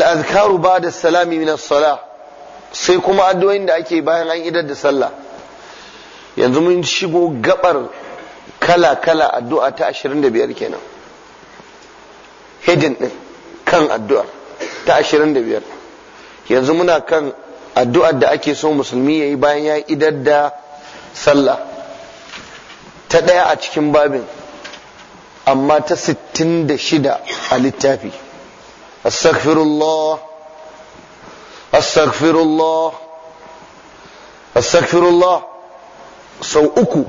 al'azkaru ba da salami na sala sai kuma addu'o'in da ake bayan an idar da sallah yanzu mun shigo gabar kala-kala addu'a ta 25 kenan hedin din kan addu'a ta 25 yanzu muna kan addu'ar da ake so musulmi ya yi bayan ya idar da sallah ta ɗaya a cikin babin amma ta sittin da shida a littafi استغفر الله استغفر الله استغفر الله sau uku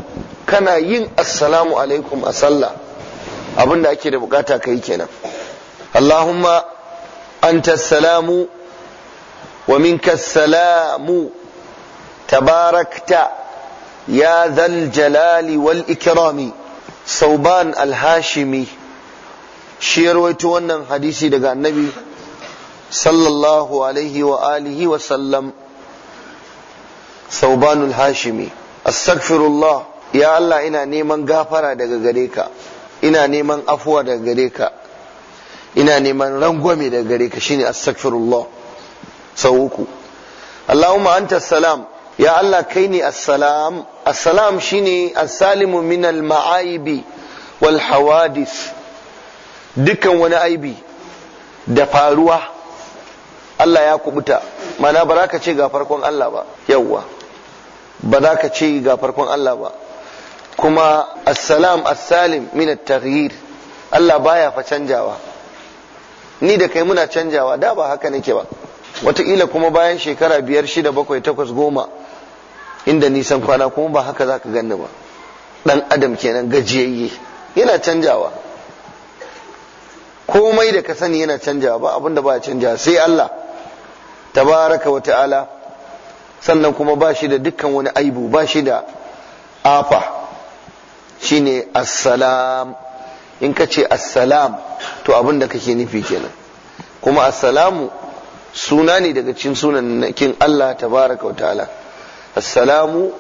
kana yin assalamu alaikum a sallah abin da ake da bukata kai kenan allahumma anta salamu wa minka salamu tabarakta ya zal jalali wal ikrami sauban alhashimi shi ya rawaito wannan hadisi daga annabi sallallahu alaihi wa alihi wa sallam saubanul hashimi astaghfirullah ya Allah ina neman gafara daga gare ka ina neman afuwa daga gare ka ina neman rangwame daga gare ka shine astaghfirullah sau uku Allahumma anta salam ya Allah kai ne assalam assalam shine assalimu salimu minal ma'aibi wal hawadis dukkan wani aibi da faruwa Allah ya kubuta mana ba za ka ce ga farkon Allah ba yawwa ba za ka ce ga farkon Allah ba kuma assalam assalim min at-taghyir Allah baya fa canjawa ni da kai muna canjawa da ba haka nake ba wataƙila kuma bayan shekara biyar shida bakwai takwas goma inda nisan kwana kuma ba haka za ka ganni ba dan adam kenan gajiyayye yana canjawa komai da ka sani yana canja ba abin da ba ya canja sai Allah tabaraka wa ta'ala sannan kuma ba shi da dukkan wani aibu ba shi da afa shine assalam in ka ce assalam to abin da kake nufi kenan kuma assalamu suna ne daga cikin Nakin Allah tabaraka wa ta'ala assalamu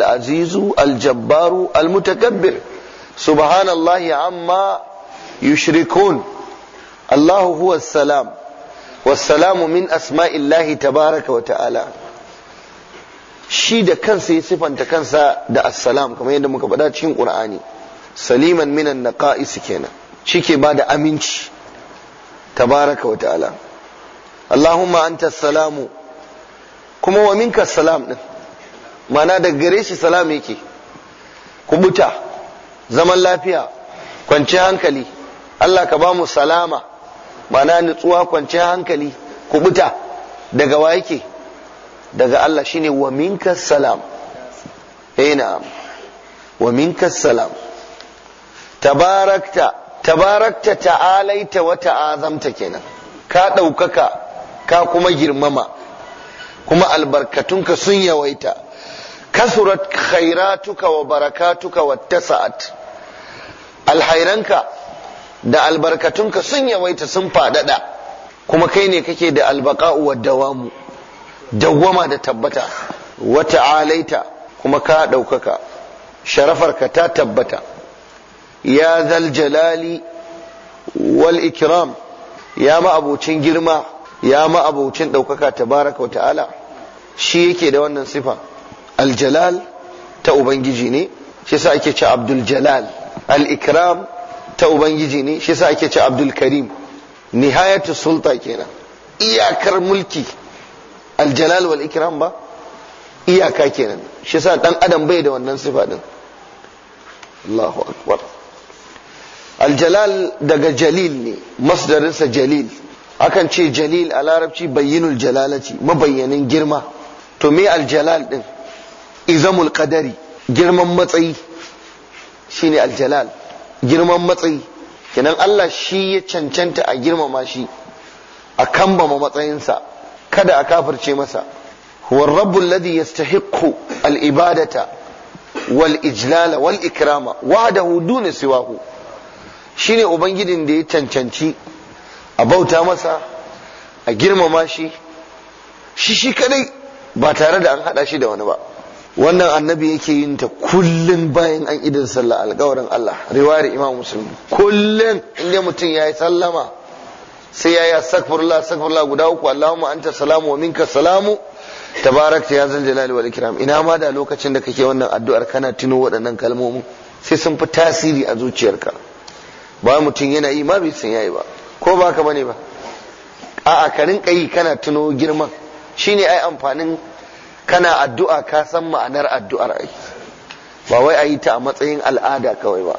azizu, al jabbaru, al mutakabbir subhanallahi amma yushrikun Allahu huwa salam wassalamu min asma'illahi tabaraka wa ta'ala shi da kansa ya sifanta kansa da assalam kamar yadda muka faɗa cikin qur'ani saliman minan naqa'is kenan shike ba da aminci tabaraka wa ta'ala Allahumma anta salamu kuma wa minka salam din mana da gare shi salam yake kubuta zaman lafiya kwanci hankali Allah ka ba mu salama mana nutsuwa kwanci hankali kubuta daga wa yake daga Allah shine wa minka salam eh na'am wa minka salam tabarakta tabarakta ta'alaita wa ta'azamta kenan ka ɗaukaka ka kuma girmama kuma albarkatunka sun yawaita kasurat khairatuka wa barakatuka wa tasa'at alhairanka da albarkatunka sun yawaita sun faɗaɗa kuma kai ne kake da albaqa'u wa dawamu dawwama da tabbata wa ta'alaita kuma ka ɗaukaka sharafarka ta tabbata ya zal jalali wal ikram ya ma'abocin girma ya ma'abocin ɗaukaka tabaraka wa ta'ala shi yake da wannan sifa aljalal ta ubangiji ne shi yasa ake ce abdul jalal al-ikram ta ubangiji ne shi yasa ake ce abdul karim nihayatu sulta kenan iyakar mulki aljalal wal ikram ba iyaka kenan shi sa dan adam bai da wannan sifa din Allahu akbar aljalal daga jalil ne masdarinsa jalil akan ce jalil a larabci bayyinul jalalati mabayyanin girma to me aljalal din izamul qadari girman matsayi shine aljalal girman matsayi kenan Allah shi ya cancanta a girmama shi a kambama matsayinsa kada a kafirce masa huwa rabbul ladhi yastahiqqu al ibadata wal ijlala wal ikrama wahdahu duna siwahu shine ubangijin da ya cancanci a bauta masa a girmama shi shi shi kadai ba tare da an hada shi da wani ba wannan annabi yake yin ta kullum bayan an idan sallah alƙawarin Allah riwayar Imam Muslim kullun inda mutum yayi sallama sai yayi astaghfirullah astaghfirullah guda uku Allahumma anta salamu wa minka salamu tabarakta ya zal jalali wal ikram ina ma da lokacin da kake wannan addu'ar kana tuno waɗannan kalmomin sai sun fi tasiri a zuciyarka ba mutum yana yi ma bai san yayi ba ko ba ka bane ba a'a ka rinka yi kana tuno girman shine ai amfanin kana addu'a ka san ma'anar addu'ar ai ba wai a yi ta a matsayin al'ada kawai ba